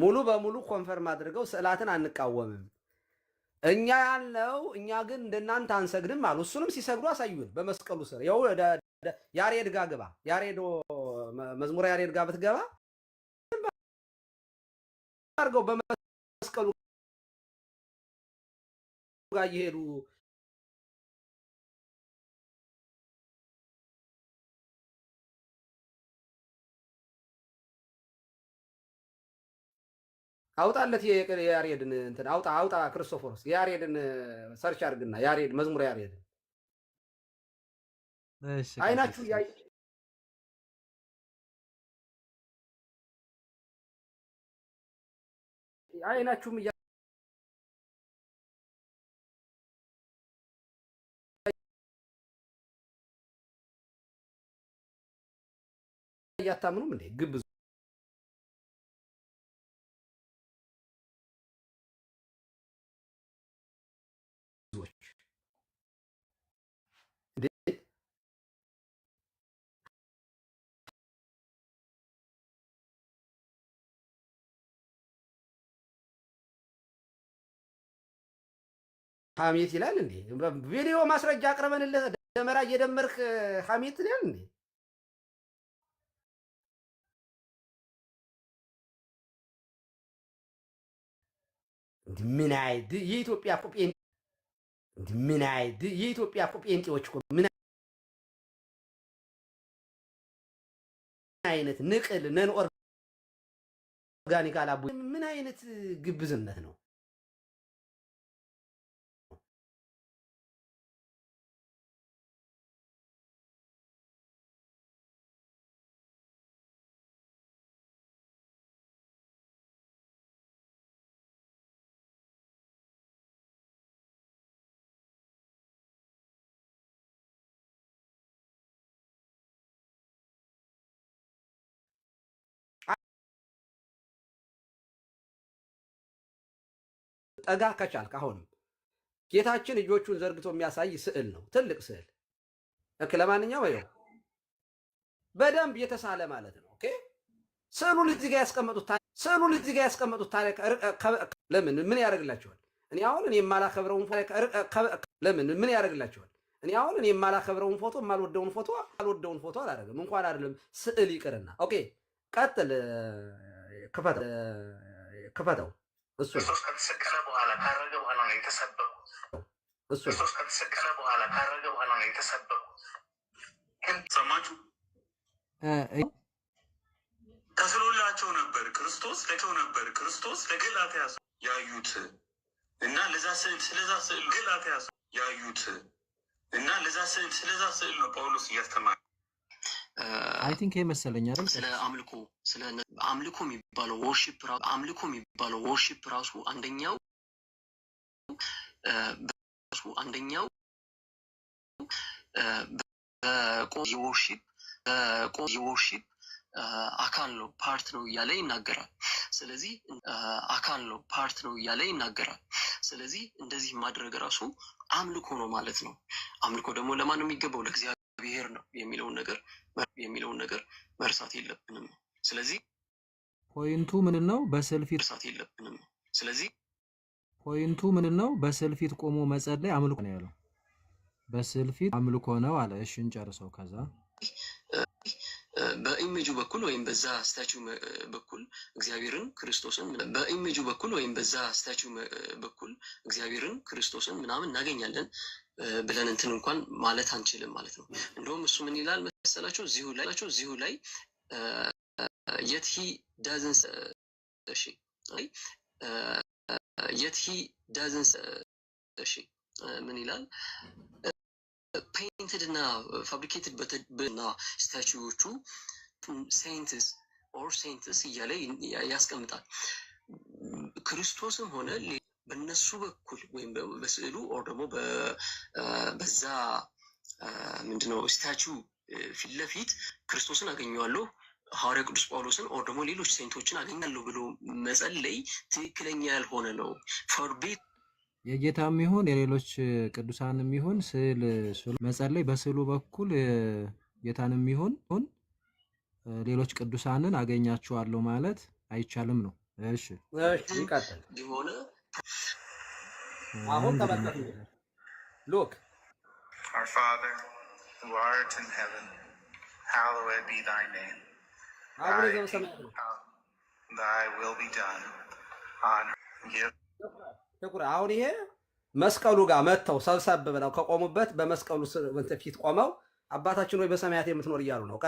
ሙሉ በሙሉ ኮንፈርም አድርገው ስዕላትን አንቃወምም እኛ ያለው እኛ ግን እንደናንተ አንሰግድም አሉ። እሱንም ሲሰግዱ አሳዩን በመስቀሉ ስር ው ያሬድ ጋ ግባ፣ ያሬዶ መዝሙር ያሬድ ጋ ብትገባ አድርገው በመስቀሉ ጋ እየሄዱ አውጣለት የያሬድን እንትን አውጣ አውጣ ክርስቶፎርስ ያሬድን ሰርች አድርግና ያሬድ መዝሙር ያሬድ አይናችሁ ያ አይናችሁም እያታምኑም እንዴ ግብ ሐሜት ይላል እንዴ? ቪዲዮ ማስረጃ አቅርበንልህ ደመራ እየደመርክ ሐሜት ይላል እንዴ? ምን የኢትዮጵያ እኮ ጴንጤ ምን የኢትዮጵያ እኮ ጴንጤዎች እኮ ምን አይነት ንቅል ነን ምን አይነት ግብዝነት ነው? ጠጋ ከቻልክ አሁንም ጌታችን እጆቹን ዘርግቶ የሚያሳይ ስዕል ነው። ትልቅ ስዕል እክ ለማንኛው ይኸው በደንብ የተሳለ ማለት ነው። ኦኬ ስዕሉን እዚህ ጋር ያስቀመጡት ስዕሉን እዚህ ጋር ያስቀመጡት ታሪክ ለምን ምን ያደርግላቸዋል? እኔ አሁን እኔ የማላከብረውን ለምን ምን ያደርግላቸዋል? እኔ አሁን እኔ የማላከብረውን ፎቶ የማልወደውን ፎቶ አልወደውን ፎቶ አላደርግም። እንኳን አይደለም ስዕል ይቅርና ኦኬ ቀጥል ክፈተው ክርስቶስ ከተሰቀለ በኋላ ካረገ በኋላ ነው የተሰበኩት። ክርስቶስ ከተሰቀለ በኋላ ካረገ በኋላ ነው የተሰበኩት። ሰማችሁ? ተስሎላቸው ነበር ክርስቶስ ለቸው ነበር ክርስቶስ ለገላትያ ያዩት እና ለዛ ስዕል ስለዛ ስዕል ገላትያ ያዩት እና ለዛ ስዕል ስለዛ ስዕል ነው ጳውሎስ እያስተማረ አይ ቲንክ ይሄ መሰለኝ አይደል? ስለ አምልኮ ስለ አምልኮ የሚባለው ወርሺፕ አምልኮ የሚባለው ወርሺፕ ራሱ አንደኛው ራሱ አንደኛው በቆም የወርሺፕ አካል ነው ፓርት ነው እያለ ይናገራል። ስለዚህ አካል ነው ፓርት ነው እያለ ይናገራል። ስለዚህ እንደዚህ ማድረግ ራሱ አምልኮ ነው ማለት ነው። አምልኮ ደግሞ ለማን ነው የሚገባው? ለጊዜ ብሔር ነው የሚለውን ነገር የሚለውን ነገር መርሳት የለብንም። ስለዚህ ፖይንቱ ምን ነው? በስዕል ፊት መርሳት የለብንም። ስለዚህ ፖይንቱ ምን ነው? በስዕል ፊት ቆሞ መጸለይ አምልኮ ነው ያለው። በስዕል ፊት አምልኮ ነው አለ። እሺ እንጨርሰው። ከዛ በኢሜጁ በኩል ወይም በዛ ስታቹ በኩል እግዚአብሔርን ክርስቶስን በኢሜጁ በኩል ወይም በዛ ስታቹ በኩል እግዚአብሔርን ክርስቶስን ምናምን እናገኛለን። ብለን እንትን እንኳን ማለት አንችልም ማለት ነው። እንደውም እሱ ምን ይላል መሰላቸው እዚሁ ላይ እዚሁ ላይ የት ሂ ዳዝንስ እሺ የት ሂ ዳዝንስ እሺ ምን ይላል ፔይንትድ እና ፋብሪኬትድ በተና ስታቹዎቹ ሴንትስ ኦር ሴንትስ እያለ ያስቀምጣል። ክርስቶስም ሆነ በእነሱ በኩል ወይም በስዕሉ ኦር ደግሞ በዛ ምንድነው ስታቹ ፊት ለፊት ክርስቶስን አገኘዋለሁ ሐዋርያ ቅዱስ ጳውሎስን ኦር ደግሞ ሌሎች ሴንቶችን አገኛለሁ ብሎ መጸለይ ትክክለኛ ያልሆነ ነው። ፎርቤት የጌታም ይሁን የሌሎች ቅዱሳንም ይሁን ስዕል መጸለይ በስዕሉ በኩል ጌታንም ይሁን ሌሎች ቅዱሳንን አገኛችኋለሁ ማለት አይቻልም ነው። እሺ ሆነ አሁን ተመልከቱ። ሉክ Our Father, who art in heaven, hallowed be thy name. Thy, thy will be done on earth. አሁን ይሄ መስቀሉ ጋር መጥተው ሰብሰብ ብለው ከቆሙበት በመስቀሉ ፊት ቆመው አባታችን ሆይ በሰማያት የምትኖር እያሉ ነው።